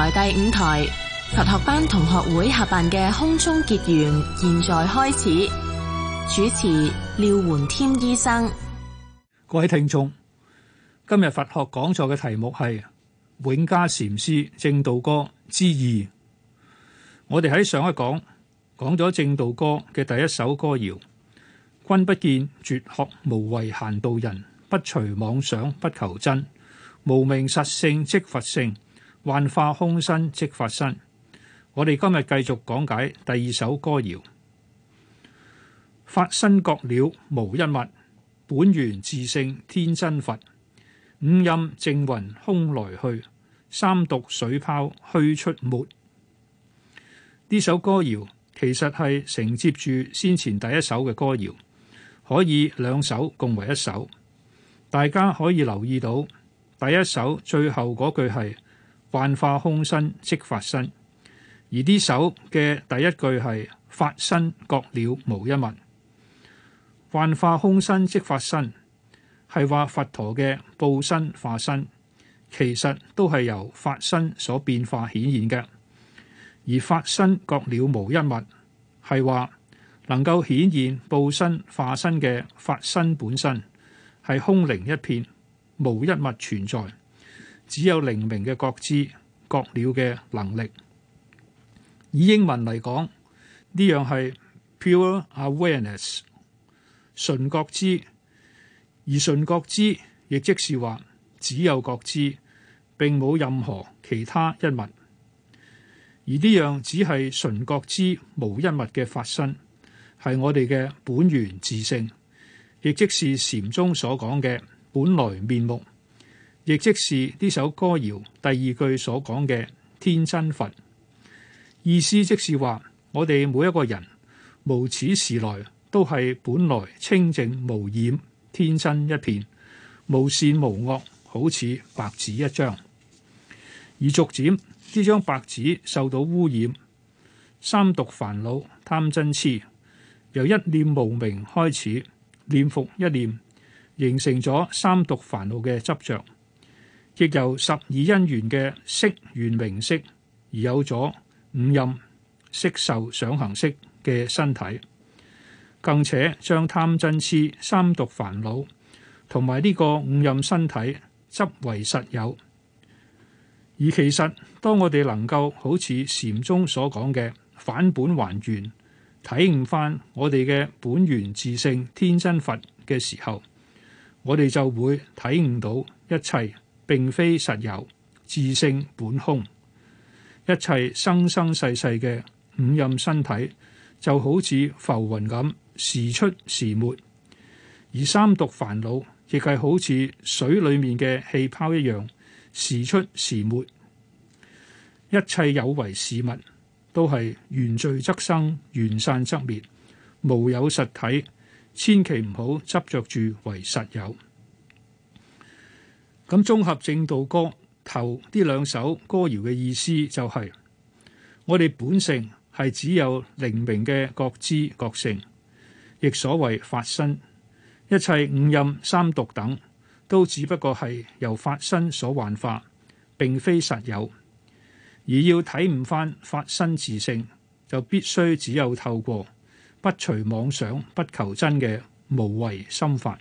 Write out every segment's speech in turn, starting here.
台第五台佛學班同學會合辦嘅空中結緣，現在開始主持廖垣添醫生。各位聽眾，今日佛學講座嘅題目係《永嘉禪師證道歌之》之二。我哋喺上一講講咗證道歌嘅第一首歌謠：君不見，絕學無為閒道人，不除妄想不求真，無明實性即佛性。幻化空身即法身，我哋今日繼續講解第二首歌謠。法身覺了無一物，本源自性天真佛。五陰正雲空來去，三毒水泡虛出沒。呢首歌謠其實係承接住先前第一首嘅歌謠，可以兩首共為一首。大家可以留意到第一首最後嗰句係。幻化空身即法身，而呢首嘅第一句係法身覺了無一物，幻化空身即法身，係話佛陀嘅報身化身，其實都係由法身所變化顯現嘅。而法身覺了無一物，係話能夠顯現報身化身嘅法身本身，係空靈一片，無一物存在。只有靈明嘅覺知、覺了嘅能力。以英文嚟講，呢樣係 pure awareness，純覺知。而純覺知亦即是話只有覺知，並冇任何其他一物。而呢樣只係純覺知無一物嘅發生，係我哋嘅本源自性，亦即是禪宗所講嘅本來面目。亦即是呢首歌謠第二句所講嘅天真佛意思，即是話我哋每一個人無始時來都係本來清淨無染，天真一片，無善無惡，好似白紙一張。而逐漸呢張白紙受到污染，三毒煩惱貪嗔癡由一念無明開始，念服一念形成咗三毒煩惱嘅執着。亦由十二因緣嘅識緣名色而有咗五蘊色受想行識嘅身體，更且將貪嗔痴三毒煩惱同埋呢個五蘊身體執為實有。而其實，當我哋能夠好似禪宗所講嘅反本還原，體悟翻我哋嘅本源自性天真佛嘅時候，我哋就會體悟到一切。並非實有，自性本空。一切生生世世嘅五陰身體，就好似浮雲咁，時出時沒。而三毒煩惱，亦係好似水裡面嘅氣泡一樣，時出時沒。一切有為事物，都係緣聚則生，緣散則滅，無有實體。千祈唔好執着住為實有。咁綜合證道歌頭呢兩首歌謠嘅意思就係，是，我哋本性係只有靈明嘅覺知覺性，亦所謂法身，一切五陰三毒等都只不過係由法身所幻化，並非實有。而要體悟翻法身自性，就必須只有透過不隨妄想、不求真嘅無為心法。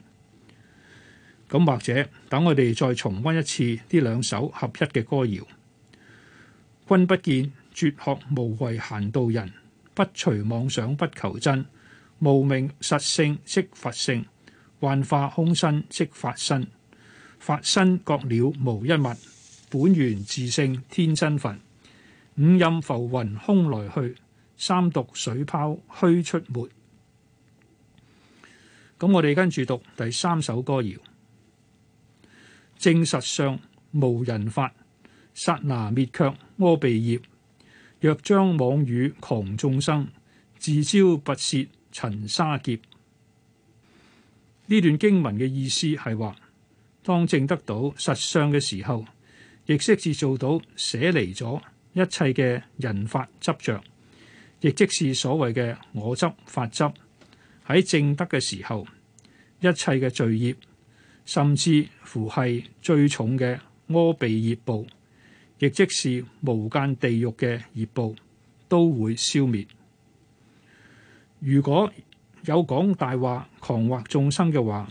咁或者等我哋再重溫一次呢兩首合一嘅歌謠。君不見，絕學無為閒道人，不隨妄想不求真。無明實性即佛性，幻化空身即法身。法身覺了無一物，本源自性天真佛。五陰浮雲空來去，三毒水泡虛出沒。咁我哋跟住讀第三首歌謠。證實相無人法，剎那滅卻阿鼻業，若將妄語誑眾生，自招拔舌塵沙劫。呢段經文嘅意思係話，當證得到實相嘅時候，亦即是做到捨離咗一切嘅人法執着，亦即是所謂嘅我執法執，喺證得嘅時候，一切嘅罪業。甚至乎係最重嘅阿鼻熱暴，亦即是無間地獄嘅熱暴，都會消滅。如果有講大話、狂惑眾生嘅話，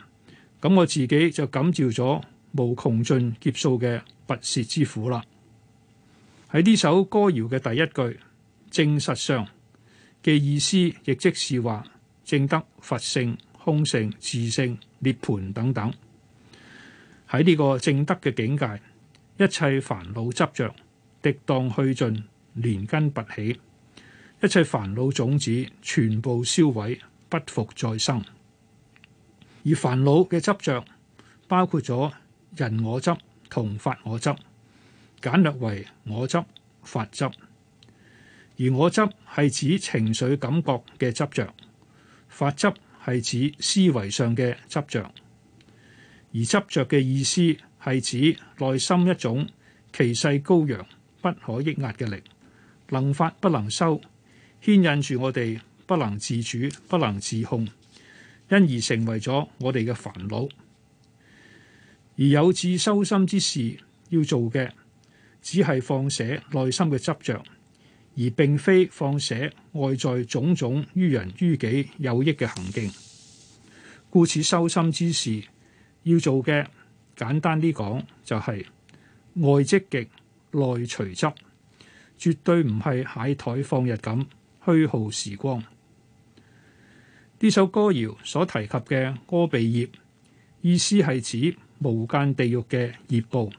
咁我自己就感召咗無窮盡劫數嘅拔舌之苦啦。喺呢首歌謠嘅第一句，正實上嘅意思亦即是話「正德、佛性、空性、自性、涅槃」等等。喺呢個正德嘅境界，一切煩惱執着，滌蕩去盡，連根拔起；一切煩惱種子全部銷毀，不復再生。而煩惱嘅執着包括咗人我執同法我執，簡略為我執法執。而我執係指情緒感覺嘅執着，法執係指思維上嘅執着。而執着嘅意思係指內心一種其勢高揚、不可抑壓嘅力，能發不能收，牽引住我哋不能自主、不能自控，因而成為咗我哋嘅煩惱。而有志修心之事要做嘅，只係放捨內心嘅執着，而並非放捨外在種種於人於己有益嘅行徑。故此，修心之事，要做嘅簡單啲講，就是，就係外積極、內隨執，絕對唔係蟹台放日咁虛耗時光。呢首歌謠所提及嘅阿鼻業，意思係指無間地獄嘅業報，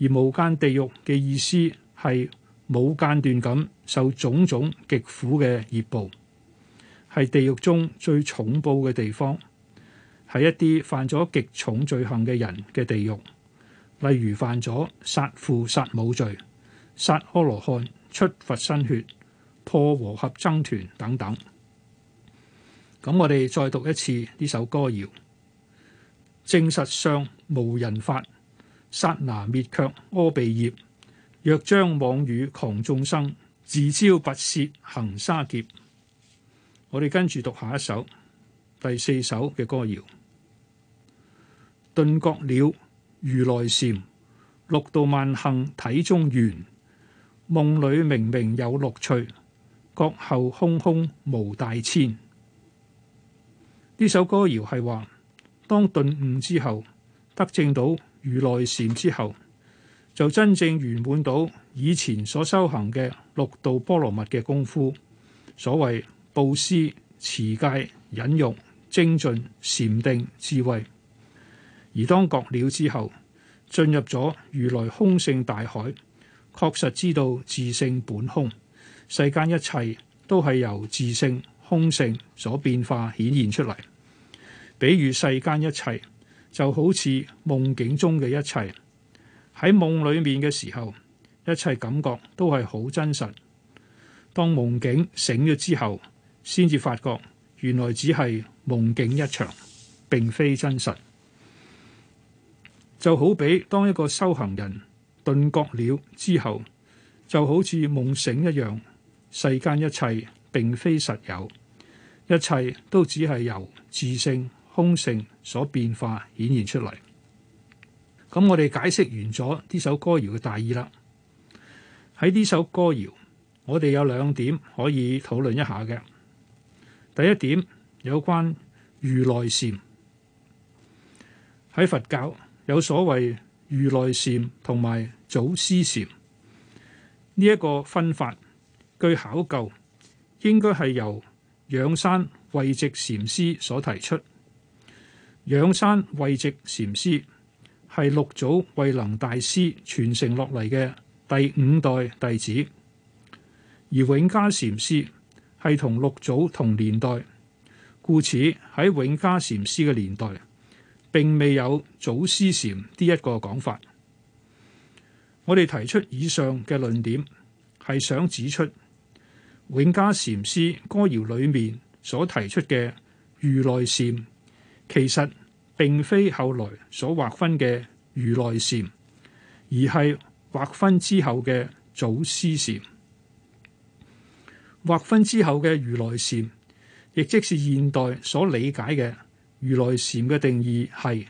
而無間地獄嘅意思係冇間斷咁受種種極苦嘅業報，係地獄中最重報嘅地方。係一啲犯咗極重罪行嘅人嘅地獄，例如犯咗殺父殺母罪、殺阿羅漢、出佛身血、破和合僧團等等。咁我哋再讀一次呢首歌謠。證實相無人法，剎那滅卻阿鼻業，若將妄語狂眾生，自招拔舌行沙劫。我哋跟住讀下一首。第四首嘅歌謠：頓覺了如來禪，六度萬行體中圓，夢裏明明有六趣，覺後空空無大千。呢首歌謠係話，當頓悟之後得證到如來禪之後，就真正圓滿到以前所修行嘅六度波羅蜜嘅功夫，所謂布施、持戒、忍辱。精進禪定智慧，而當覺了之後，進入咗如來空性大海，確實知道自性本空，世間一切都係由自性空性所變化顯現出嚟。比喻世間一切就好似夢境中嘅一切。喺夢裏面嘅時候，一切感覺都係好真實。當夢境醒咗之後，先至發覺原來只係。夢境一場，並非真實，就好比當一個修行人頓覺了之後，就好似夢醒一樣。世間一切並非實有，一切都只係由自性、空性所變化顯現出嚟。咁我哋解釋完咗呢首歌謠嘅大意啦。喺呢首歌謠，我哋有兩點可以討論一下嘅。第一點。有關如來禪，喺佛教有所謂如來禪同埋祖師禪。呢一個分法，據考究應該係由仰山慧寂禪師所提出。仰山慧寂禪師係六祖慧能大師傳承落嚟嘅第五代弟子，而永嘉禪師係同六祖同年代，故此喺永嘉禪師嘅年代，並未有祖師禪呢一個講法。我哋提出以上嘅論點，係想指出永嘉禪師歌謠裏面所提出嘅如來禪，其實並非後來所劃分嘅如來禪，而係劃分之後嘅祖師禪。劃分之後嘅如來禪。亦即是現代所理解嘅如來禪嘅定義，係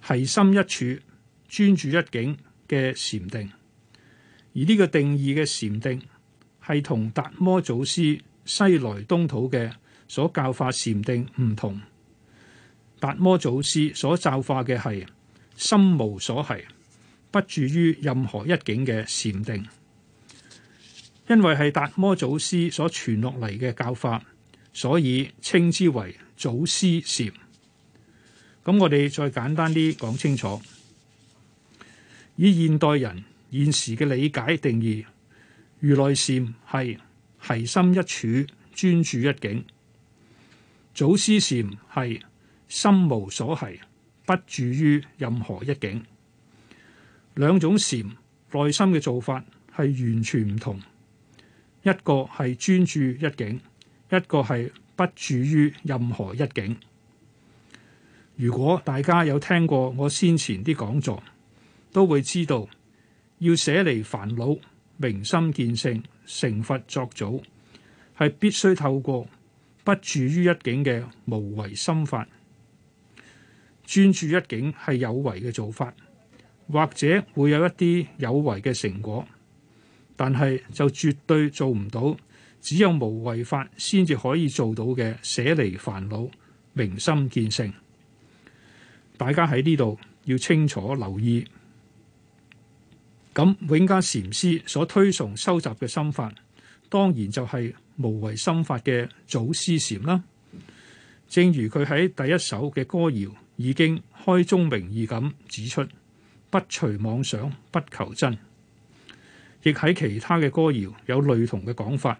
係心一處，專注一境嘅禪定，而呢個定義嘅禪定係同達摩祖師西來東土嘅所教法禪定唔同。達摩祖師所教化嘅係心無所係，不住於任何一境嘅禪定，因為係達摩祖師所傳落嚟嘅教法。所以稱之為祖師禪。咁我哋再簡單啲講清楚，以現代人現時嘅理解定義，如來禪係係心一處，專注一境；祖師禪係心無所係，不住於任何一境。兩種禪內心嘅做法係完全唔同，一個係專注一境。一個係不住於任何一境。如果大家有聽過我先前啲講座，都會知道要捨離煩惱、明心見性、成佛作祖，係必須透過不住於一境嘅無為心法。專注一境係有為嘅做法，或者會有一啲有為嘅成果，但係就絕對做唔到。只有無為法先至可以做到嘅、捨離煩惱，明心見性。大家喺呢度要清楚留意。咁永嘉禪師所推崇收集嘅心法，當然就係無為心法嘅祖師禪啦。正如佢喺第一首嘅歌謠已經開宗明義咁指出，不隨妄想，不求真，亦喺其他嘅歌謠有類同嘅講法。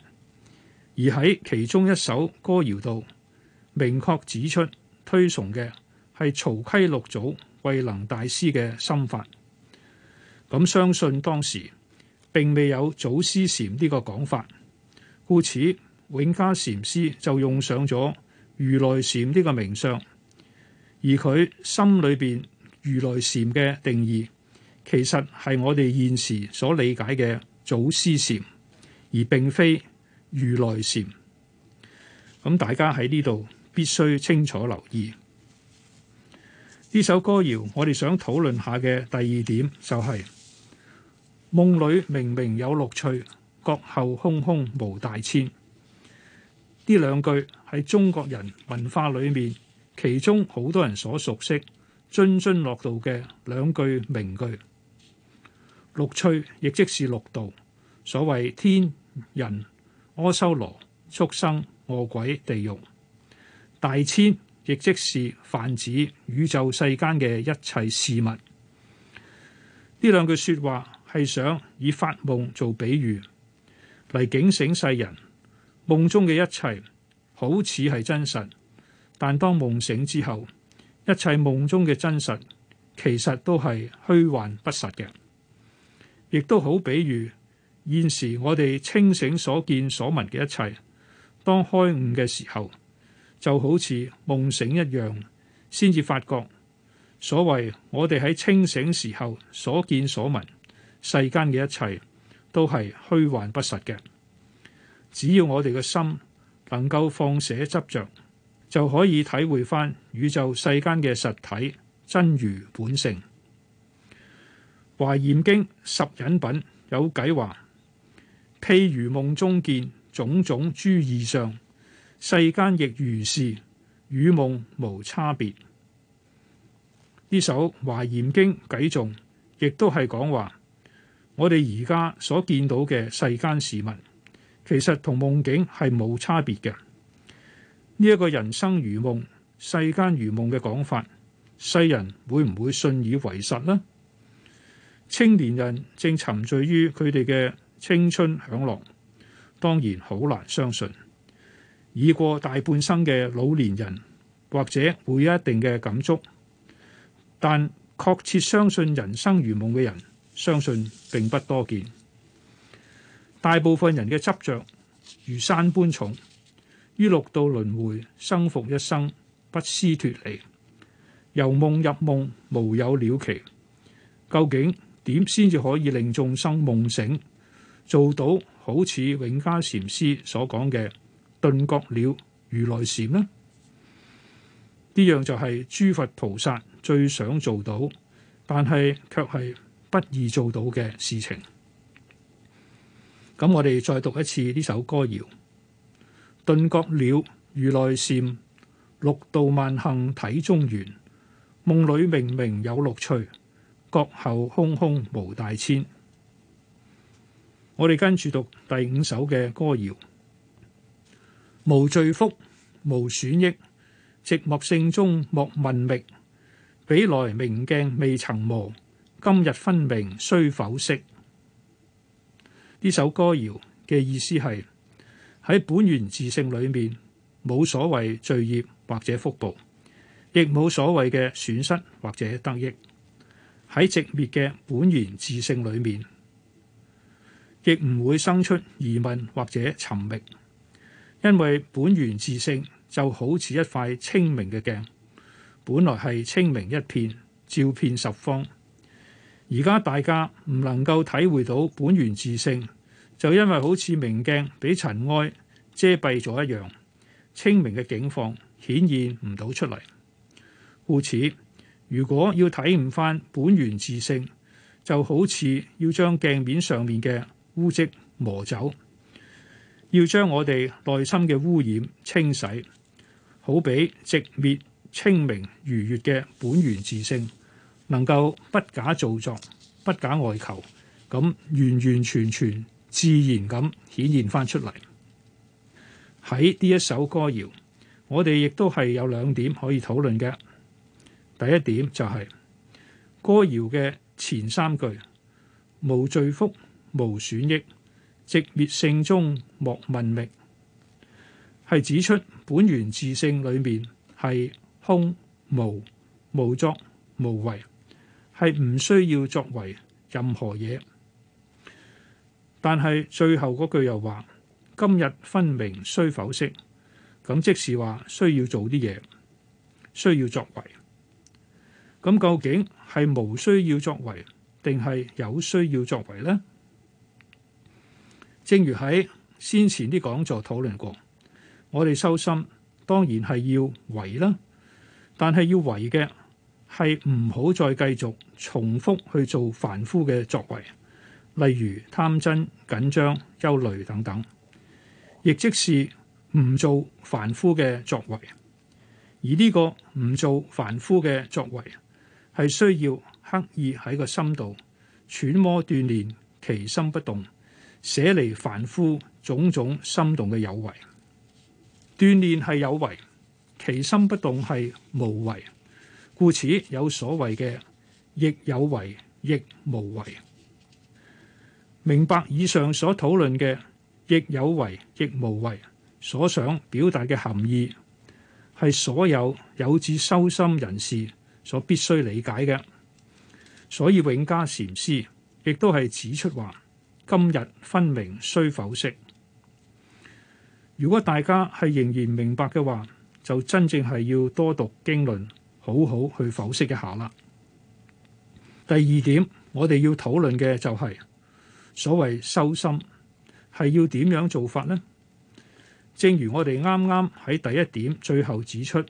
而喺其中一首歌謠度，明確指出推崇嘅係曹溪六祖慧能大師嘅心法。咁相信當時並未有祖師禪呢個講法，故此永嘉禪師就用上咗如來禪呢個名相。而佢心裏邊如來禪嘅定義，其實係我哋現時所理解嘅祖師禪，而並非。如來禪，咁大家喺呢度必須清楚留意呢首歌謠。我哋想討論下嘅第二點就係、是、夢裏明明有六趣，覺後空空無大千。呢兩句係中國人文化裏面，其中好多人所熟悉、津津樂道嘅兩句名句。六趣亦即是六道，所謂天人、阿修羅、畜生、餓鬼、地獄、大千，亦即是泛指宇宙世間嘅一切事物。呢兩句說話係想以發夢做比喻嚟，警醒世人：夢中嘅一切好似係真實，但當夢醒之後，一切夢中嘅真實其實都係虛幻不實嘅，亦都好比喻。現時我哋清醒所見所聞嘅一切，當開悟嘅時候，就好似夢醒一樣，先至發覺所謂我哋喺清醒時候所見所聞世間嘅一切都係虛幻不實嘅。只要我哋嘅心能夠放捨執着，就可以體會返宇宙世間嘅實體真如本性。《華嚴經》十引品有偈話。譬如夢中見種種諸異相，世間亦如是，與夢無差別。呢首《華嚴經》偈頌亦都係講話，我哋而家所見到嘅世間事物，其實同夢境係冇差別嘅。呢、這、一個人生如夢，世間如夢嘅講法，世人會唔會信以為實呢？青年人正沉醉於佢哋嘅。青春享樂，當然好難相信，已過大半生嘅老年人或者會有一定嘅感觸，但確切相信人生如夢嘅人，相信並不多見。大部分人嘅執着如山般重，於六道輪迴生復一生，不思脫離，由夢入夢，無有了期。究竟點先至可以令眾生夢醒？做到好似永嘉禪師所講嘅頓覺了如來禪呢，呢樣就係諸佛菩薩最想做到，但係卻係不易做到嘅事情。咁我哋再讀一次呢首歌謠：頓覺了如來禪，六度萬行體中圓，夢裏明明有六趣，覺後空空無大千。我哋跟住讀第五首嘅歌謠，無罪福，無損益，寂滅性中莫問覓。比來明鏡未曾磨，今日分明須否識？呢首歌謠嘅意思係喺本源自性裏面冇所謂罪業或者福報，亦冇所謂嘅損失或者得益。喺寂滅嘅本源自性裏面。亦唔會生出疑問或者尋覓，因為本源自性就好似一塊清明嘅鏡，本來係清明一片，照遍十方。而家大家唔能夠體會到本源自性，就因為好似明鏡俾塵埃遮蔽咗一樣，清明嘅境況顯現唔到出嚟。故此，如果要睇唔翻本源自性，就好似要將鏡面上面嘅污漬磨走，要將我哋內心嘅污染清洗，好比寂滅清明如月嘅本源自性，能夠不假造作，不假外求，咁完完全全自然咁顯現翻出嚟。喺呢一首歌謠，我哋亦都係有兩點可以討論嘅。第一點就係、是、歌謠嘅前三句無罪福。無損益，寂滅性中莫問明，係指出本源自性裏面係空無無作無為，係唔需要作為任何嘢。但係最後嗰句又話：今日分明需否釋？咁即是話需要做啲嘢，需要作為。咁究竟係無需要作為，定係有需要作為呢？正如喺先前啲講座討論過，我哋修心當然係要為啦，但係要為嘅係唔好再繼續重複去做凡夫嘅作為，例如貪嗔、緊張、憂慮等等，亦即是唔做凡夫嘅作為。而呢個唔做凡夫嘅作為係需要刻意喺個心度揣摩鍛煉，其心不動。捨離凡夫種種心動嘅有為，鍛煉係有為，其心不動係無為，故此有所謂嘅亦有為亦無為。明白以上所討論嘅亦有為亦無為所想表達嘅含義，係所有有志修心人士所必須理解嘅。所以永嘉禪師亦都係指出話。今日分明需剖析？如果大家係仍然明白嘅話，就真正係要多讀經論，好好去剖析一下啦。第二點，我哋要討論嘅就係所謂修心，係要點樣做法呢？正如我哋啱啱喺第一點最後指出，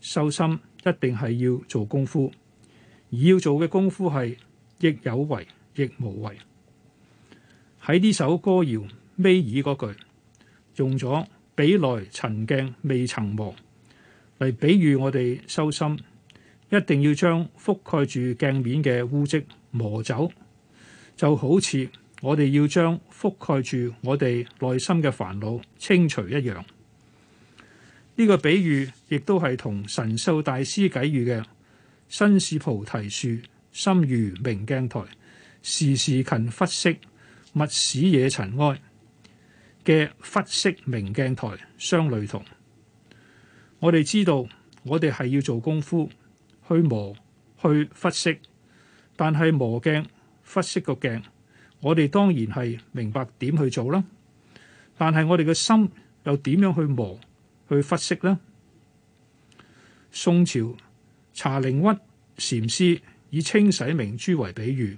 修心一定係要做功夫，而要做嘅功夫係亦有為亦無為。喺呢首歌謠尾二嗰句，用咗比來塵鏡未曾磨嚟，比喻我哋修心，一定要將覆蓋住鏡面嘅污漬磨走，就好似我哋要將覆蓋住我哋內心嘅煩惱清除一樣。呢、這個比喻亦都係同神秀大師偈語嘅身是菩提樹，心如明鏡台，時時勤拂拭。勿使惹塵埃嘅拂拭明鏡台相類同，我哋知道我哋係要做功夫去磨去拂拭，但係磨鏡拂拭個鏡，我哋當然係明白點去做啦。但係我哋嘅心又點樣去磨去拂拭呢？宋朝茶陵郁禪師以清洗明珠為比喻。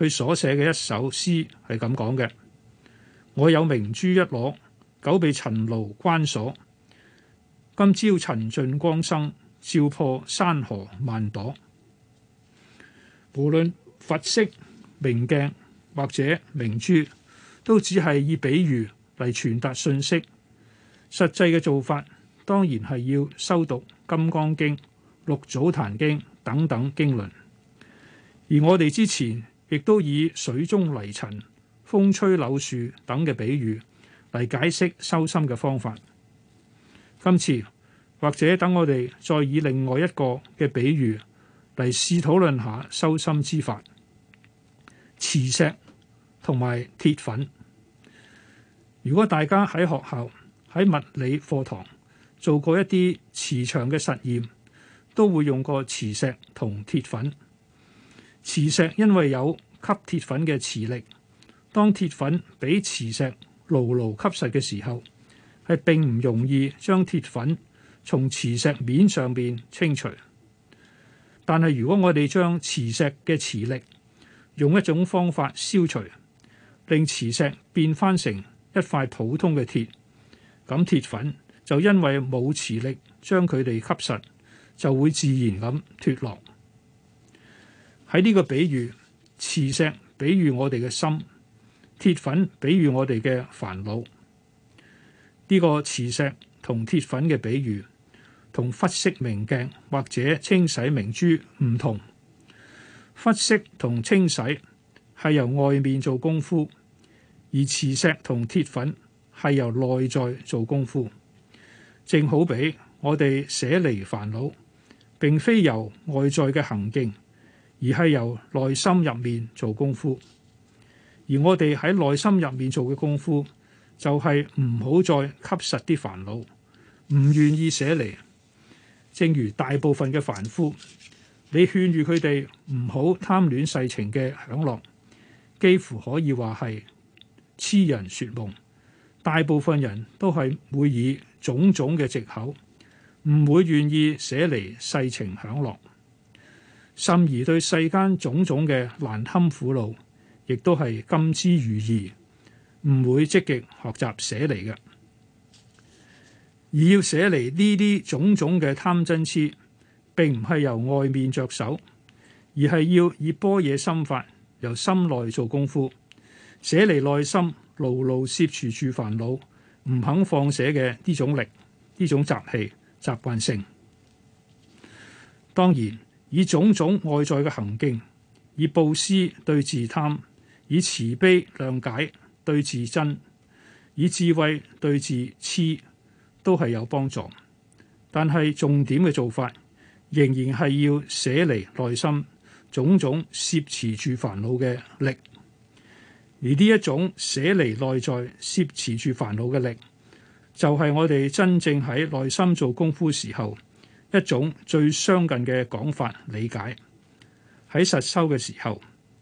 佢所寫嘅一首詩係咁講嘅：我有明珠一攞，久被塵勞關鎖。今朝塵盡光生，照破山河萬朵。無論佛飾、明鏡或者明珠，都只係以比喻嚟傳達信息。實際嘅做法當然係要修讀《金剛經》《六祖壇經》等等經論，而我哋之前，亦都以水中泥塵、風吹柳樹等嘅比喻嚟解釋修心嘅方法。今次或者等我哋再以另外一個嘅比喻嚟試討論下修心之法。磁石同埋鐵粉，如果大家喺學校喺物理課堂做過一啲磁場嘅實驗，都會用過磁石同鐵粉。磁石因為有吸鐵粉嘅磁力，當鐵粉俾磁石牢牢吸實嘅時候，係並唔容易將鐵粉從磁石面上邊清除。但係如果我哋將磁石嘅磁力用一種方法消除，令磁石變返成一塊普通嘅鐵，咁鐵粉就因為冇磁力將佢哋吸實，就會自然咁脫落。喺呢個比喻，磁石比喻我哋嘅心，鐵粉比喻我哋嘅煩惱。呢、這個磁石同鐵粉嘅比喻，同拂拭明鏡或者清洗明珠唔同。拂拭同清洗係由外面做功夫，而磁石同鐵粉係由內在做功夫。正好俾我哋捨離煩惱，並非由外在嘅行徑。而係由內心入面做功夫，而我哋喺內心入面做嘅功夫，就係唔好再吸實啲煩惱，唔願意捨離。正如大部分嘅凡夫，你勸喻佢哋唔好貪戀世情嘅享樂，幾乎可以話係痴人說夢。大部分人都係會以種種嘅藉口，唔會願意捨離世情享樂。甚而對世間種種嘅難堪苦惱，亦都係甘之如飴，唔會積極學習捨嚟嘅。而要捨嚟呢啲種種嘅貪嗔痴，並唔係由外面着手，而係要以般若心法由心內做功夫，捨嚟內心牢牢攝除住煩惱，唔肯放捨嘅呢種力，呢種習氣習慣性，當然，以種種外在嘅行徑，以佈施對治貪，以慈悲、諒解對治瞋，以智慧對治痴，都係有幫助。但係重點嘅做法，仍然係要捨離內心種種攝持住煩惱嘅力。而呢一種捨離內在攝持住煩惱嘅力，就係、是、我哋真正喺內心做功夫時候。一種最相近嘅講法理解，喺實修嘅時候，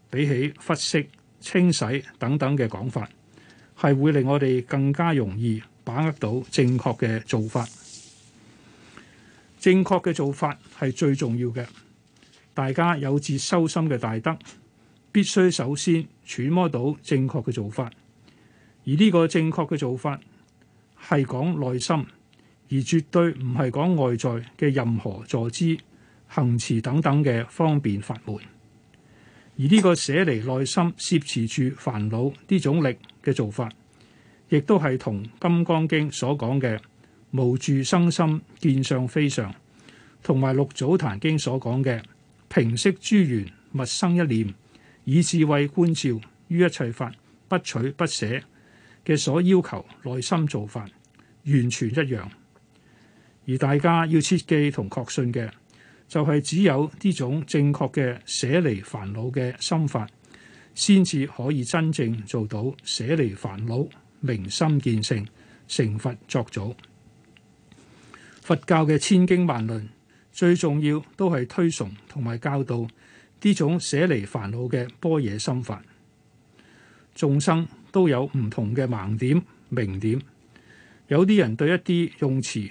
比起拂拭、清洗等等嘅講法，係會令我哋更加容易把握到正確嘅做法。正確嘅做法係最重要嘅。大家有自修心嘅大德，必須首先揣摩到正確嘅做法。而呢個正確嘅做法係講內心。而絕對唔係講外在嘅任何坐姿、行持等等嘅方便法門，而呢個捨離內心攝持住煩惱呢種力嘅做法，亦都係同《金剛經》所講嘅無住生心、見相非相，同埋《六祖壇經》所講嘅平息諸緣，勿生一念，以智慧觀照於一切法，不取不捨嘅所要求內心做法，完全一樣。而大家要切記同確信嘅，就係只有呢種正確嘅捨離煩惱嘅心法，先至可以真正做到捨離煩惱、明心見性、成佛作祖。佛教嘅千經萬論最重要都係推崇同埋教導呢種捨離煩惱嘅般若心法。眾生都有唔同嘅盲點、明點，有啲人對一啲用詞。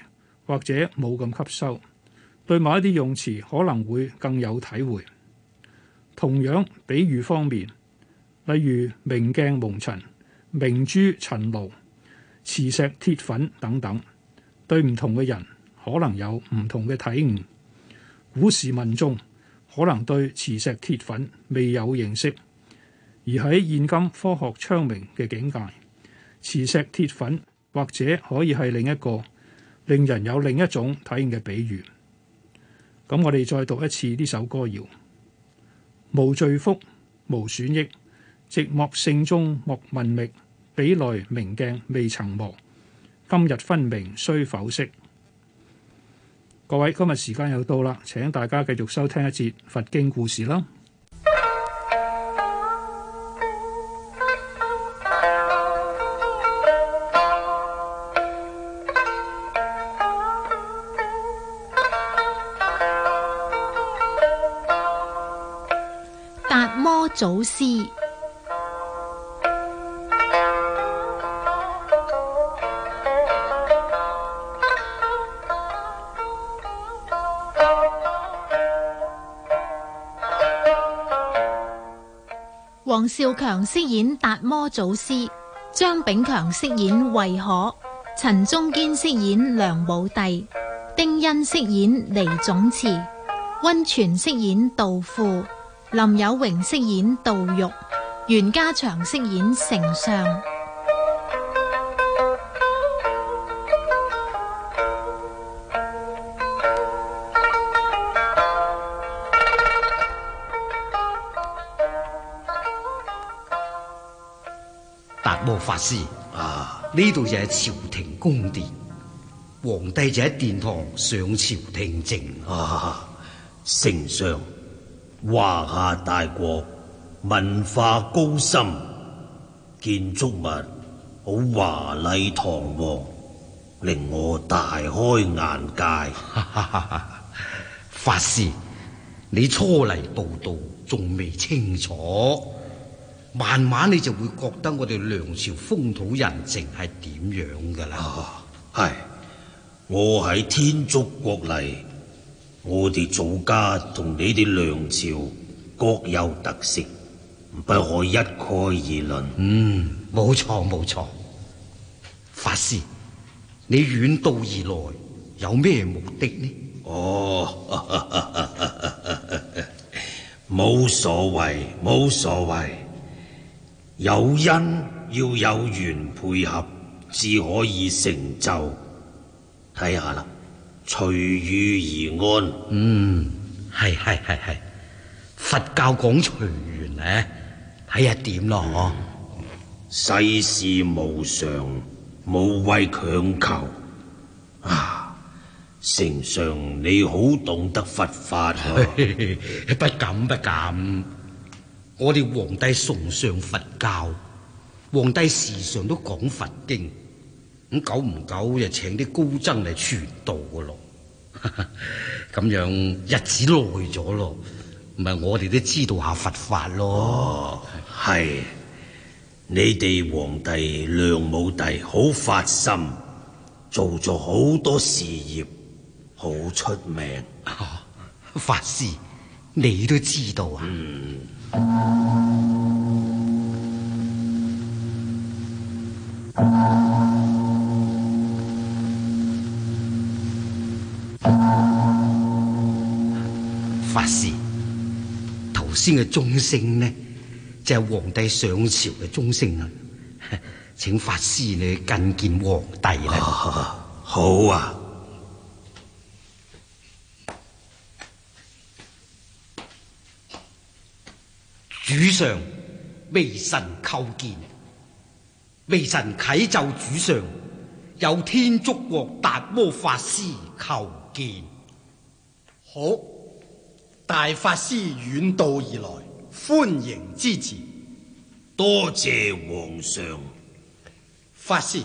或者冇咁吸收，對某一啲用詞可能會更有體會。同樣比喻方面，例如明鏡蒙塵、明珠塵露、磁石鐵粉等等，對唔同嘅人可能有唔同嘅體悟。古時民眾可能對磁石鐵粉未有認識，而喺現今科學昌明嘅境界，磁石鐵粉或者可以係另一個。令人有另一種體驗嘅比喻。咁我哋再讀一次呢首歌謠，無罪福，無損益，寂寞性中莫問覓，比來明鏡未曾磨，今日分明須剖析。各位，今日時間又到啦，請大家繼續收聽一節佛經故事啦。祖師，黃少強飾演達摩祖師，張炳強飾演慧可，陳中堅飾演梁武帝，丁恩飾演尼總持，溫泉飾演杜父。林有榮飾演杜玉，袁家祥飾演丞相。達摩法師啊，呢度就係朝廷宮殿，皇帝就喺殿堂上朝聽政啊，丞相。華夏大國，文化高深，建築物好華麗堂皇，令我大開眼界。 法師，你初嚟到度仲未清楚，慢慢你就會覺得我哋梁朝風土人情係點樣噶啦。係 我喺天竺國嚟。我哋祖家同你哋梁朝各有特色，不可一概而論。嗯，冇錯冇錯。法師，你遠道而來，有咩目的呢？哦，冇所謂冇所謂，有因要有緣配合，至可以成就。睇下啦。隨遇而安，嗯，係係係係，佛教講隨緣呢，睇下點咯，世事無常，無謂強求啊！丞相你好懂得佛法啊！ 不敢不敢，我哋皇帝崇尚佛教，皇帝時常都講佛經。咁久唔久，就請啲高僧嚟傳道噶咯，咁 樣日子耐咗咯，咪 我哋都知道下佛法咯。係、哦，你哋皇帝梁武帝好發心，做咗好多事業，好出名，哦。法師，你都知道啊？嗯法師，頭先嘅鐘聲呢，就係皇帝上朝嘅鐘聲啊！請法師你去覲見皇帝啦。啊，好啊，主上，微臣叩見，微臣啟奏主上，有天竺國達摩法師叩見，好。大法師遠道而來，歡迎之至。多謝皇上。法師，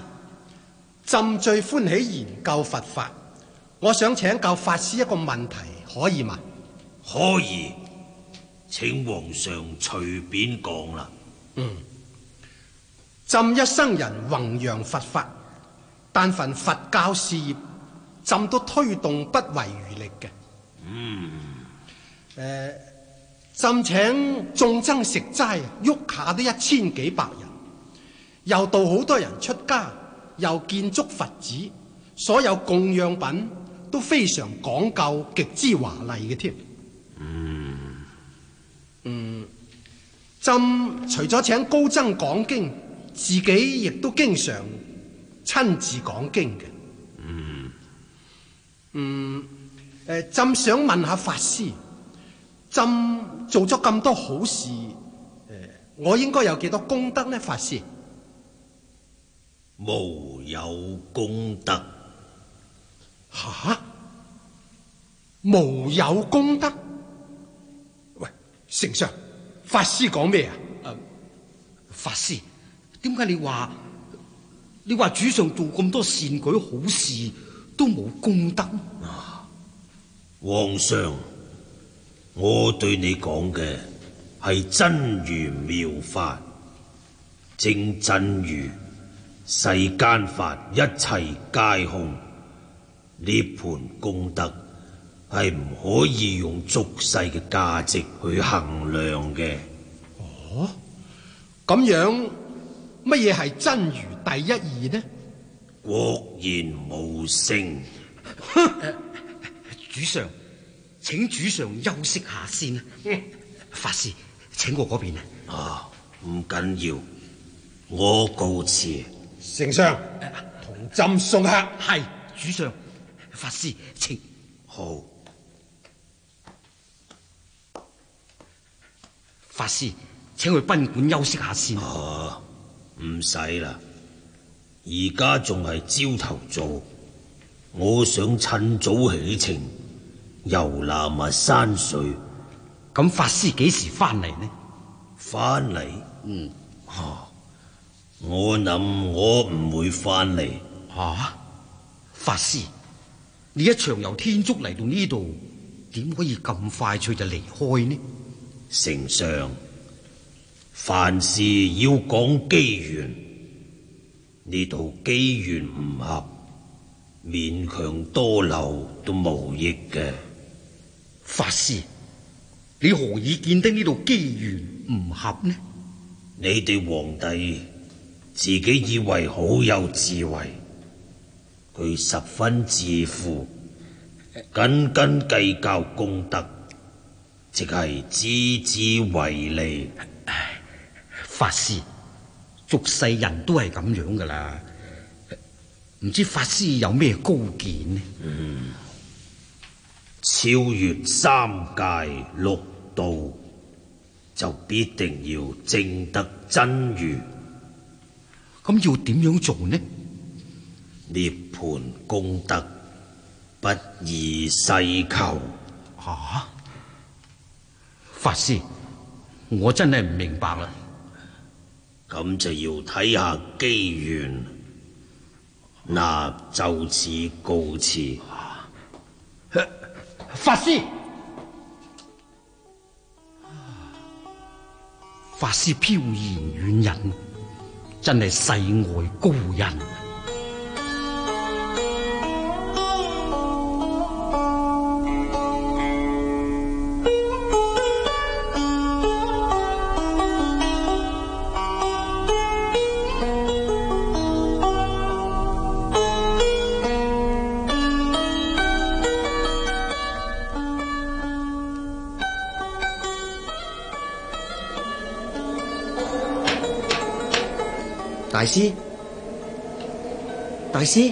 朕最歡喜研究佛法，我想請教法師一個問題，可以嗎？可以，請皇上隨便講啦。嗯，朕一生人弘揚佛法，但凡佛教事業，朕都推動不遺餘力嘅。嗯。誒、呃，朕請眾僧食齋，喐下都一千幾百人，又度好多人出家，又建築佛寺，所有供養品都非常講究，極之華麗嘅添。Mm. 嗯，朕除咗請高僧講經，自己亦都經常親自講經嘅。嗯、mm. 嗯，誒、呃，朕想問下法師。朕做咗咁多好事，誒，我應該有幾多功德呢？法師，無有功德，吓、啊，無有功德。喂，丞相，法師講咩啊？誒，法師，點解你話你話主上做咁多善舉好事都冇功德？啊？皇上。我對你講嘅係真如妙法，正真如世間法，一切皆空，呢盤功德係唔可以用俗世嘅價值去衡量嘅。哦，咁樣乜嘢係真如第一義呢？廓然無聖、 呃，主上。請主上休息下先啦。法師，請過嗰邊啊。唔緊要，我告辭。丞相，同朕送客。係，主上。法師請。好，法師請去賓館休息下先。啊，唔使啦，而家仲係朝頭早，我想趁早起程。遊覽埋山水，咁法師幾時翻嚟呢？翻嚟來，嗯、啊，吓，我諗我唔會翻嚟。吓，法師，你一場由天竺嚟到呢度，點可以咁快脆就離開呢？丞相，凡事要講機緣，呢度機緣唔合，勉強多留都無益嘅。法師，你何以見得呢度機緣唔合呢？你哋皇帝自己以為好有智慧，佢十分自負，斤斤計較功德，即係只知為利。哎，法師，俗世人都係咁樣噶啦，唔知法師有咩高見呢？嗯超越三界六道，就必定要證得真如。咁要點樣做呢？涅槃功德不宜細求。哈、啊，法師，我真係唔明白啦。咁就要睇下機緣。那就此告辭。法師，法師飄然遠引，真係世外高人。師，大師，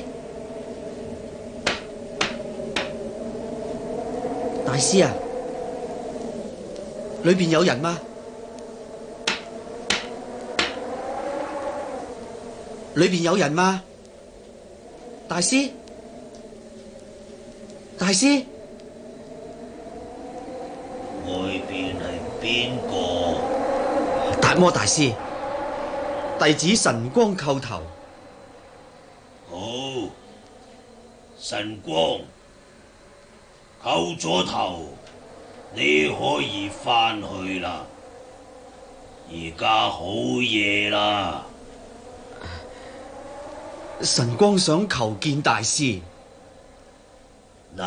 大師啊，裏邊有人嗎？裏邊有人嗎？大師，大師，外邊係邊個？達摩大師。弟子神光叩頭。好，神光叩咗頭，你可以翻去啦。而家好夜啦。神光想求見大師。立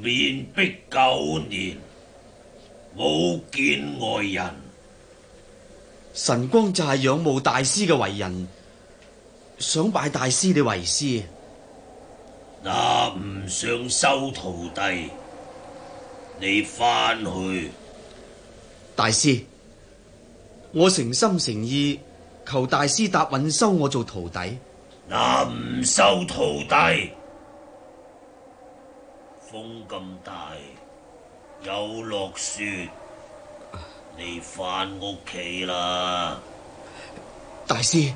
面壁九年，冇見外人。神光就係仰慕大師嘅為人，想拜大師你為師。嗱，唔想收徒弟，你翻去。大師，我誠心誠意求大師答允收我做徒弟。嗱，唔收徒弟，風咁大，有落雪。你翻屋企啦。大師，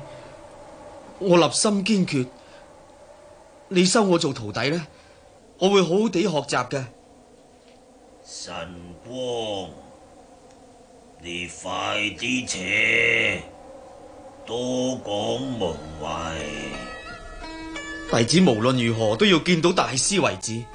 我立心堅決，你收我做徒弟呢，我會好好地學習嘅。神光，你快啲扯，多講無謂。弟子無論如何都要見到大師為止。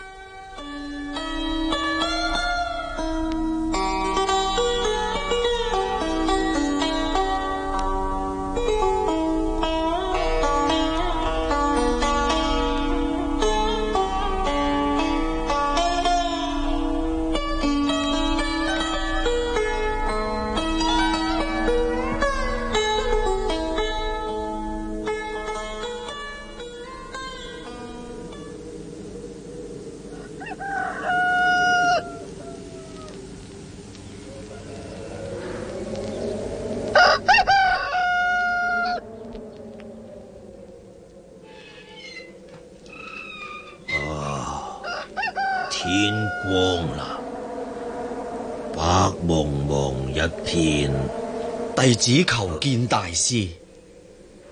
弟子求見大師。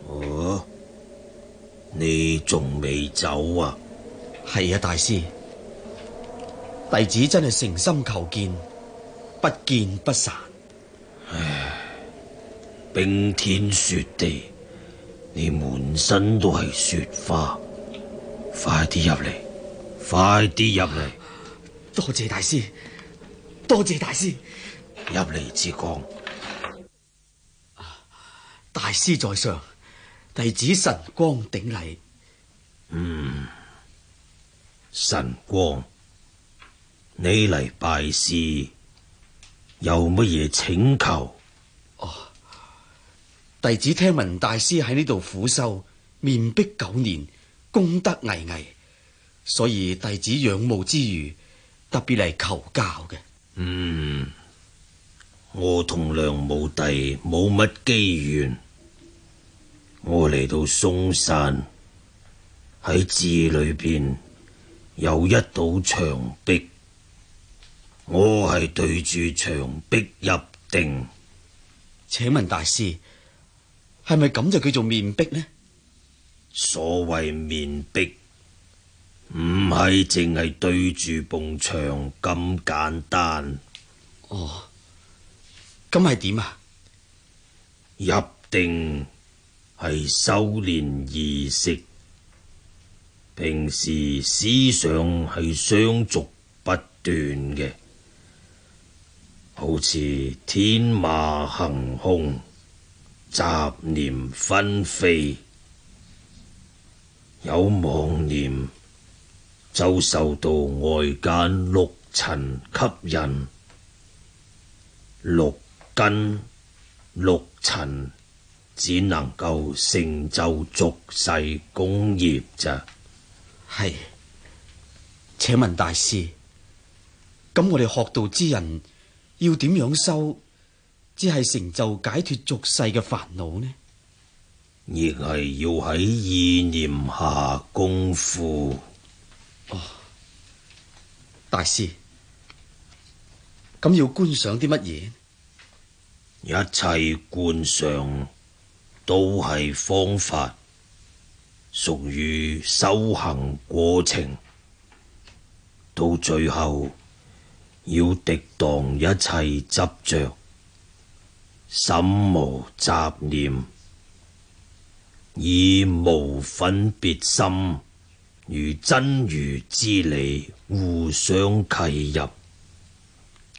哦，你仲未走啊？係啊，大師。弟子真係誠心求見，不見不散。唉，冰天雪地，你滿身都係雪花，快啲入嚟，快啲入嚟。多謝大師，多謝大師。入嚟之光。師在上，弟子神光頂禮。嗯，神光，你嚟拜師，有乜嘢請求？哦，弟子聽聞大師喺呢度苦修，面壁九年，功德巍巍，所以弟子仰慕之餘，特別嚟求教嘅。嗯，我同梁武帝冇乜機緣。我嚟到嵩山，喺寺裏邊有一堵牆壁，我係對住牆壁入定。請問大師係咪咁就叫做面壁呢？所謂面壁唔係淨係對住牆咁簡單哦。咁係點啊？入定。係修練意識，平時思想係相續不斷嘅，好似天馬行空，雜念紛飛，有妄念就受到外間六塵吸引，六根、六塵。只能夠成就俗世功業咋？係，請問大師，咁我哋學道之人要點樣修，只係成就解脱俗世嘅煩惱呢？亦係要喺意念下功夫。哦，大師，咁要觀想啲乜嘢？一切觀想。都係方法，屬於修行過程。到最後，要滌蕩一切執着，心無雜念，以無分別心，如真如之理，互相契入，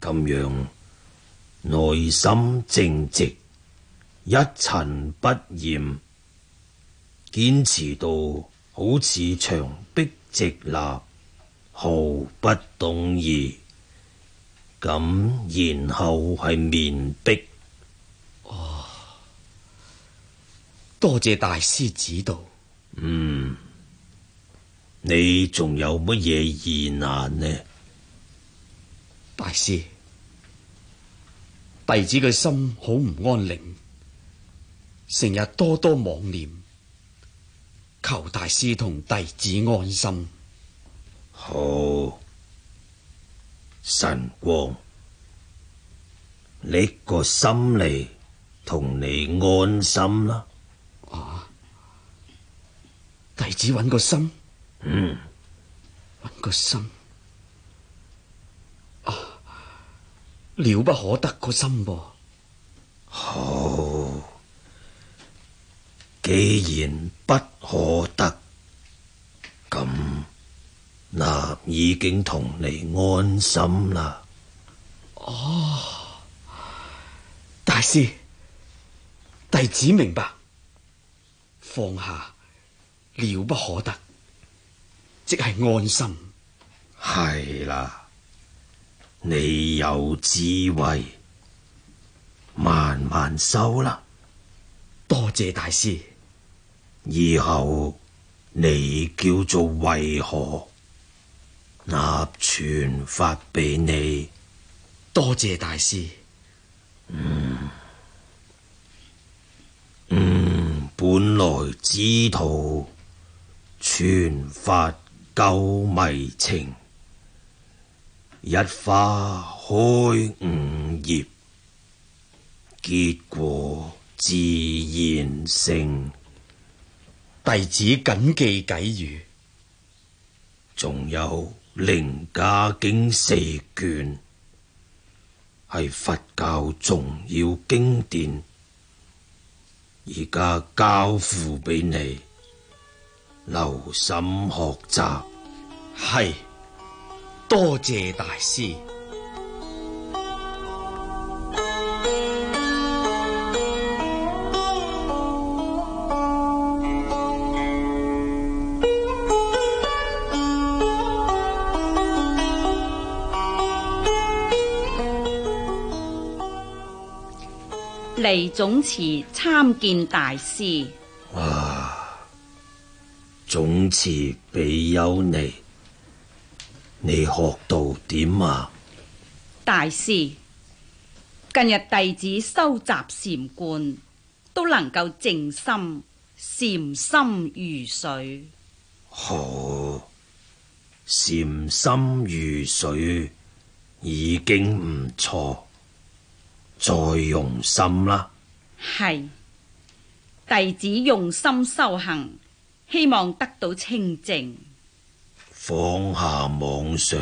咁樣內心正直，一塵不染，堅持到好似牆壁直立，毫不動意。咁然後係面壁。哦，多謝大師指導。嗯，你仲有乜嘢疑難呢？大師，弟子嘅心好唔安寧。成日多多妄念，求大師同弟子安心。好，神光，你個心嚟同你安心啦。啊，弟子揾個心，嗯，揾個心啊，了不可得個心噃。好。既然不可得，咁那已經同你安心啦。哦，大師，弟子明白。放下了不可得，即係安心。係啦，你有智慧，慢慢修啦。多謝大師。以後你叫做為何？立傳法俾你，多謝大師。嗯,嗯本來茲土傳法救迷情，一花開五葉，結果自然成。弟子謹記偈語，仲有《楞伽經》四卷，係佛教重要經典，而家交付俾你，留心學習。係，多謝大師。總持參見大師。哇！總持比丘尼，你學到點啊？啊啊，大師，近日弟子收集禪觀，都能夠靜心，禪心如水。好，禪心如水已經唔錯。再用心啦。係，弟子用心修行，希望得到清淨。放下妄想，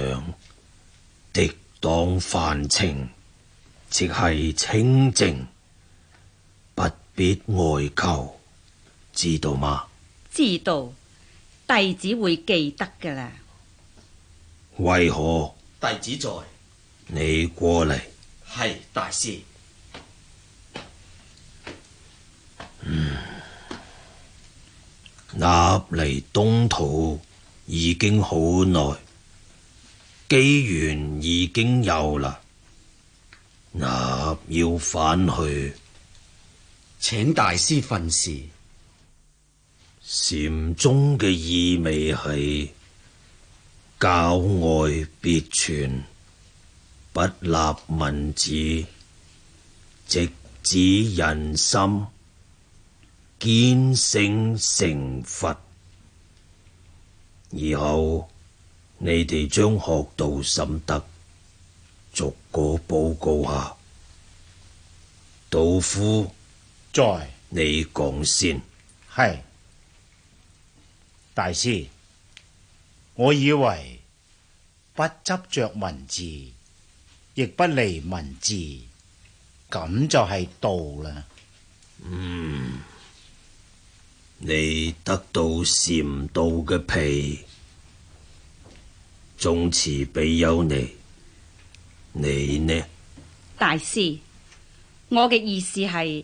滌蕩煩情，即係清淨，不必外求，知道嗎？知道，弟子會記得嘅啦。為何？弟子在，你過嚟。係大師。嗯，納嚟東土已經好耐，機緣已經有啦。納要返去，請大師訓示。禪宗嘅意味係教外別傳，不立文字，直指人心，見性成佛。以後你哋將學到心得，逐個報告下。道夫，在你講先。係大師，我以為不執着文字。亦不離文字，咁就係道啦。嗯，你得到禪道嘅皮。總持比丘尼，你呢，大師？我嘅意思係，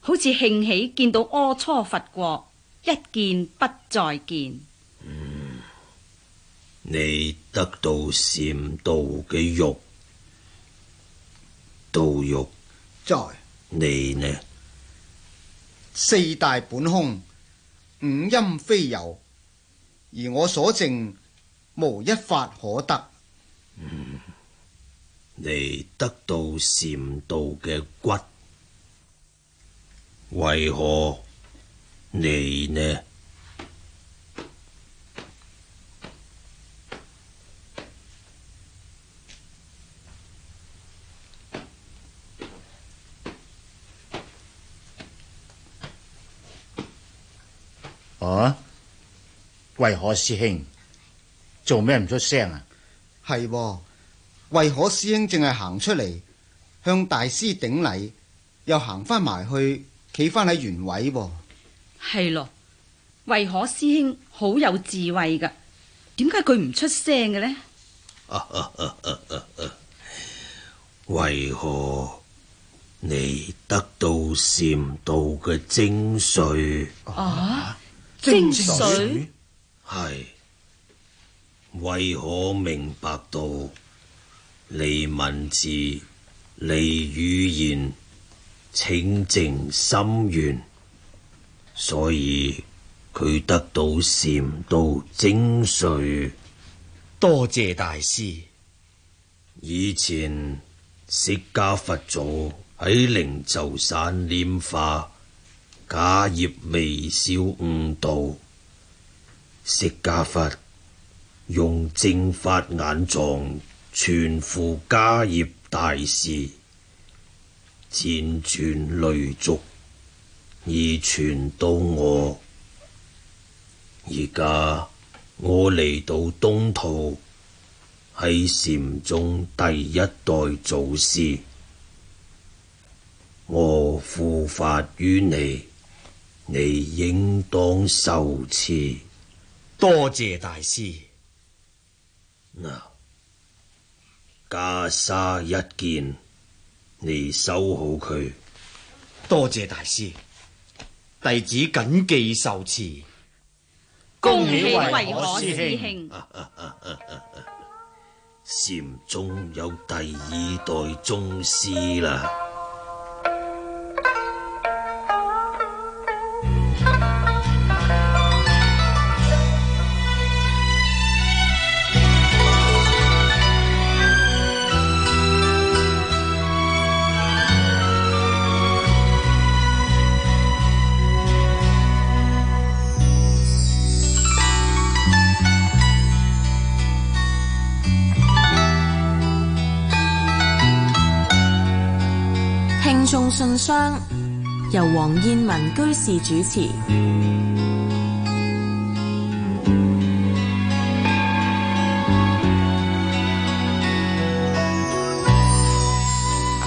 好似慶喜見到阿閦佛國，一見不再見。嗯，你得到禪道嘅肉。道肉在你呢？四大本空，五陰非有，而我所證，無一法可得。你得到禪道嘅骨，為何你呢？哦，慧可師兄做咩唔出聲啊？係，慧可師兄淨係行出嚟，啊啊、向大師頂禮，又行翻埋去，企翻喺原位，啊？係咯，啊，慧可師兄好有智慧噶？點解佢唔出聲嘅呢，啊啊啊啊啊？慧可，你得到禪道嘅精髓？啊！啊精髓係，為可明白到，離文字、離語言，清淨心源，所以佢得到禪道精髓。多謝大師。以前釋迦佛祖喺靈鷲山拈花。迦葉微笑悟道，釋迦佛用正法眼藏傳付迦葉大事，輾轉累續而傳到我。而家我嚟到東土，喺禪宗第一代祖師，我付法於你。你應當受持。多謝大師。嗱，袈裟一件，你收好佢。多謝大師，弟子謹記受持。恭喜慧可師兄，禪、啊啊啊啊啊、宗有第二代宗師啦。信箱由黃燕文居士主持。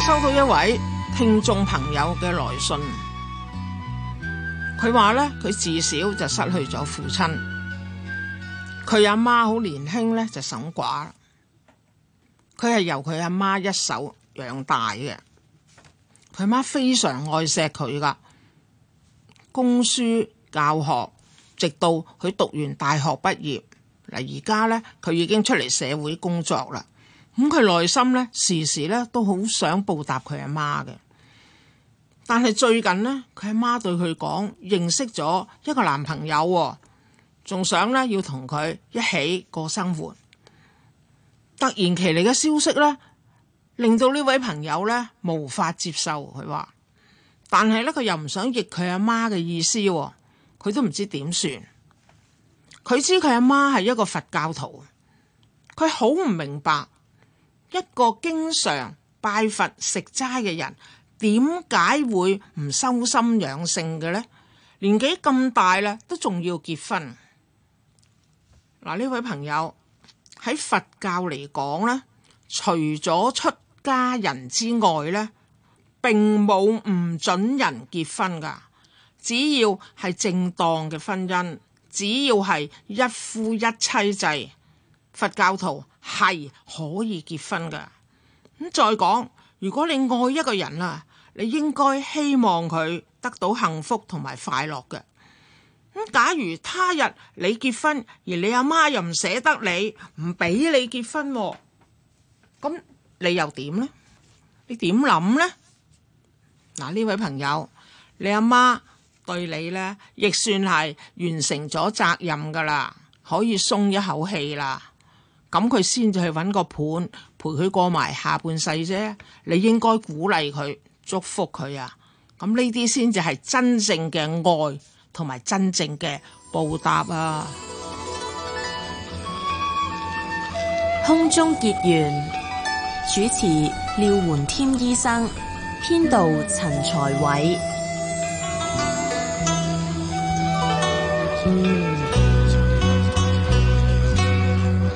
收到一位聽眾朋友嘅來信，佢話呢，佢自小就失去咗父親，佢阿媽好年輕呢，就守寡，佢係由佢阿媽一手養大嘅。佢媽非常愛錫佢噶，供書教學，直到佢讀完大學畢業。嗱，而家咧佢已經出嚟社會工作啦。咁佢內心咧，時時咧都好想報答佢阿媽嘅。但係最近呢，佢阿媽對佢講，認識咗一個男朋友喎，仲想咧要同佢一起過生活。突然其來嘅消息咧。令到呢位朋友呢，無法接受，佢話，但係呢，佢又唔想逆佢阿媽嘅意思，佢都唔知點算。佢知佢阿媽係一個佛教徒，佢好唔明白一個經常拜佛食齋嘅人點解會唔修心養性嘅呢？年紀咁大呢，都仲要結婚。嗱，呢位朋友喺佛教嚟講呢，除咗出家人之外呢，並冇唔准人結婚噶。只要係正當嘅婚姻，只要係一夫一妻制，佛教徒係可以結婚噶。咁再講，如果你愛一個人啦，你應該希望佢得到幸福同埋快樂嘅。假如他日你結婚，而你阿媽又唔捨得你，唔俾你結婚，咁。你又點呢？你點諗呢？嗱，呢位朋友，你阿媽對你呢，亦算係完成咗責任噶啦，可以鬆一口氣啦。咁佢先至去揾個伴陪佢過埋下半世啫。你應該鼓勵佢，祝福佢啊。咁呢啲先至係真正嘅愛同埋真正嘅報答啊！空中結緣。主持廖垣添醫生，編導陳才偉。